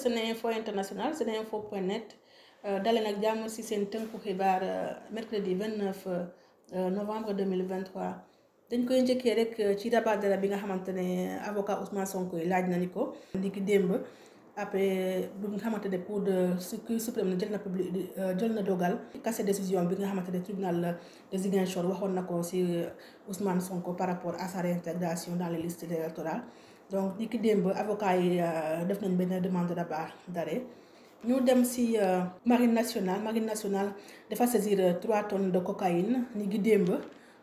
ce Seneinfo International Seneinfo point net euh, dale nag jàmm ci seen tënku xibaar euh, mercredi 29 euh, novembre 2023 dañ koy njëkkee rek ci rabatdala bi nga xamante ne avocat Ousmane Sonko yi laaj na nañu ko ndiki démb après bi nga xamante ne cour de cour suprême jël na public jël na dogal casser décision bi nga xamante ne tribunal de Ziguinchor waxoon na ko ci Ousmane Sonko par rapport à sa réintégration dans les listes électorales donc ni ki démb avocat yi euh, def nañ benn demande d'arrêt ñu dem ci euh, marine nationale marine nationale dafa saisir euh, trois tonnes de cocaïne ni ki démb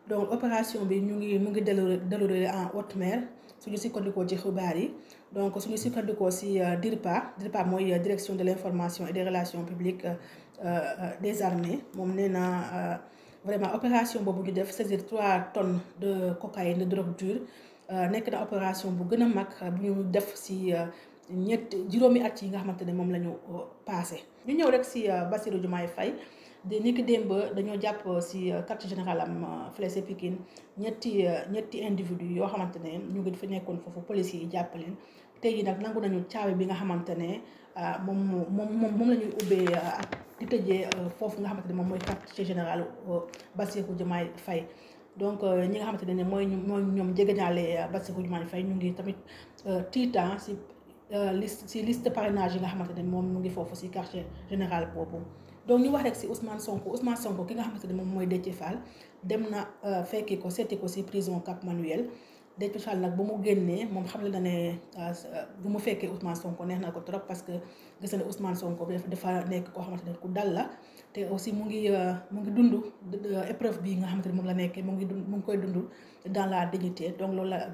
donc opération bi ñu ngi mu ngi déroulé en haute mer suñu sukkandikoo ci xibaar yi donc suñu sukkandikoo ci DIRPA DIRPA mooy direction de l'information et des relations publiques des armées moom nee na vraiment opération boobu ñu def saisir trois tonnes de cocaïne de drogue dure Euh, nekk na opération bu gën a mag euh, bu ñu def si euh, ñett juróomi at yi nga xamante ne moom la ñu passé ñu ñëw rek si Bassirou Diomaye fay de ni ki démb dañoo jàpp si quartier général am fële ca Pikine ñetti ñetti individu yoo xamante ne ñu ngi fi nekkoon foofu police yi jàpp leen tey jii nag nangu nañu caabi bi nga xamante ne moom moom moom moom la ñuy ubbee ak di tëjee foofu nga xamante ne moom mooy quartier général Bassirou Diomaye fay donc euh, ñi nga xamante ne mooy mooy ñoom jegeñaale euh, Bassirou Diomaye Faye ñu ngi tamit euh, tiitan si liste si liste parrainage yi nga xamante ne moom mu ngi foofu si quartier général boobu donc ñu wax rek si Ousmane Sonko Ousmane Sonko ki nga xamante ne moom mooy Déthié Fall dem na fekki ko seeti ko si prison Cap Manuel Déthié Fall nag ba mu génnee moom xam ne na ne ah, bu mu fekkee Ousmane Sonko neex na ko trop parce que gis na ne Ousmane Sonko dafa nekk koo xamante ne ku dal la te aussi mu ngi euh, mu ngi dund euh, épreuve bi nga xamante ne moom la nekkee mu ngi dund mu ngi koy dund dans la dignité donc loolu la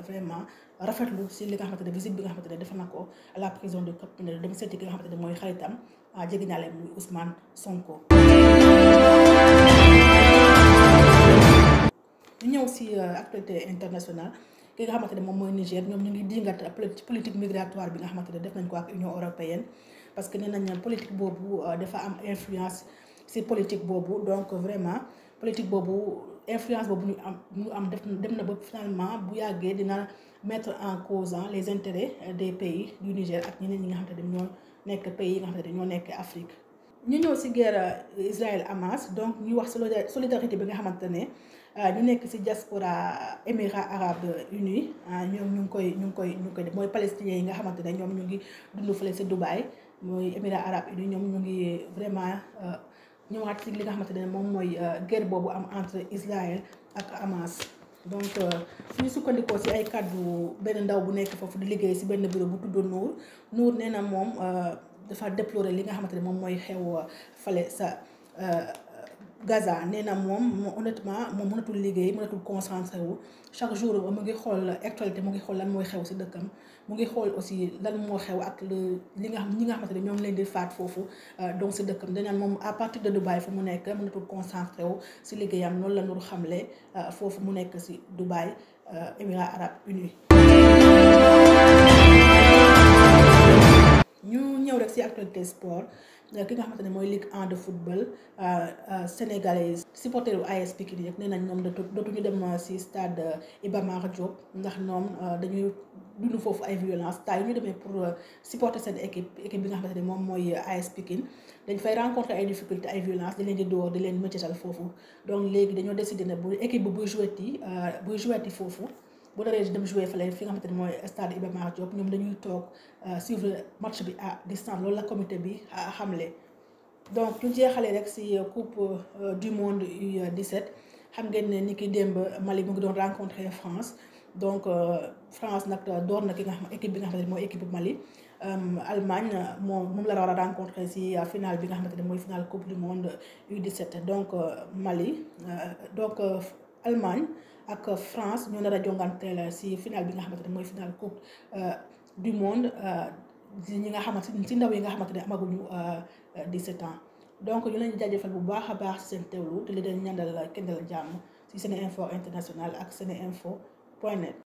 vraiment rafetlu si li nga xamante ne visite bi nga xamante ne def na ko à la prison de Cap Manuel dem seeti ki nga ah, Sonko. ñu ñëw si euh, actualité internationale ki nga xamante ne moom mooy Niger ñoom ñu ngi dingat ci politique migratoire bi nga xamante ne def nañ ko ak Union européenne parce que nee euh, dafa am influence si boobu donc vraiment politique boobu influence boobu ñu am ñu am def dem na ba finalement bu yàggee dina mettre en cause les intérêts euh, des pays du Niger ak ñeneen ñi nga xamante ne ñoo nekk pays yi nga xamante ne ñoo nekk Afrique. ñu ñëw si guerre Israël Hamas donc ñu wax solidarité bi nga xamante ne. Euh, ñu nekk ci diaspora émirats arabes unis euh, ñoom ñu ngi koy ñu ngi koy ñu ngi koy def mooy palestiniens yi nga xamante ne ñoom ñu ngi dund fële ci Dubaï mooy émirats arabes unis ñoom ñu ngi vraiment euh, ñëwaat ci li nga xamante ne moom mooy guerre boobu am entre Israël ak Hamas. donc suñu sukkandikoo ci ay kàddu benn ndaw bu nekk foofu di liggéey si benn bureau bu tudd Nour Nour nee na moom dafa déplorer li nga xamante ne moom mooy xew fale sa. Gaza nee na moom honnêtement moom munatul liggéey mënatul concentré wu chaque jour mu ngi xool actualité mu ngi xool lan mooy xew si dëkkam mu ngi xool aussi lan moo xew ak li nga xam ñi nga xam ne ñoom leen di faat foofu euh, donc si dëkkam danaan moom à partir de Dubaï fu mu nekk mënatul concentré wu si liggéeyam noonu la nur xamle euh, foofu mu nekk si Dubaï euh, Émirats arabes unis ñëw rek si actualité sport euh, ki nga xamante ne mooy Ligue 1 de football euh, euh, sénégalais supporteru AS Pikine yi rek nee nañ ñoom dootuñu dem si stade Iba Mar Diop ndax ñoom dañuy dund foofu ay violence taa yu ñu demee pour supporter seen équipe équipe bi nga xamante ne moom mooy AS Pikine dañ fay rencontrer ay difficultés ay violence di leen di door di leen mëccatal foofu donc léegi dañoo décider ne bu équipe bi buy jouet buy jouet foofu bu naree di dem jouer fële fi nga xamante ne mooy stade Iba Mar Diop ñoom toog euh, suivre match bi ah distance loolu la comité bi euh, xamle donc ñu jeexalee rek ci euh, coupe du monde U17 xam ngeen ne ni ki démb Mali mu ngi doon rencontrer France donc France nag door na ki nga xam équipe bi nga xamante ne mooy équipe bu Mali Allemagne moom moom la war a rencontrer ci finale bi nga xamante ne mooy finale coupe du monde u donc Mali donc. Allemagne ak France ñoo nar a jonganteel si final bi nga xamante ne mooy final coupe euh, du monde euh, ñi nga xamante si ndaw yi nga xamante ni amaguñu 17 euh, ans donc ñu leen jaajëfal bu baax a baax si seen teewlu te li leen ñaanal kendal jàmm si Sene Info International ak Sene Info point net.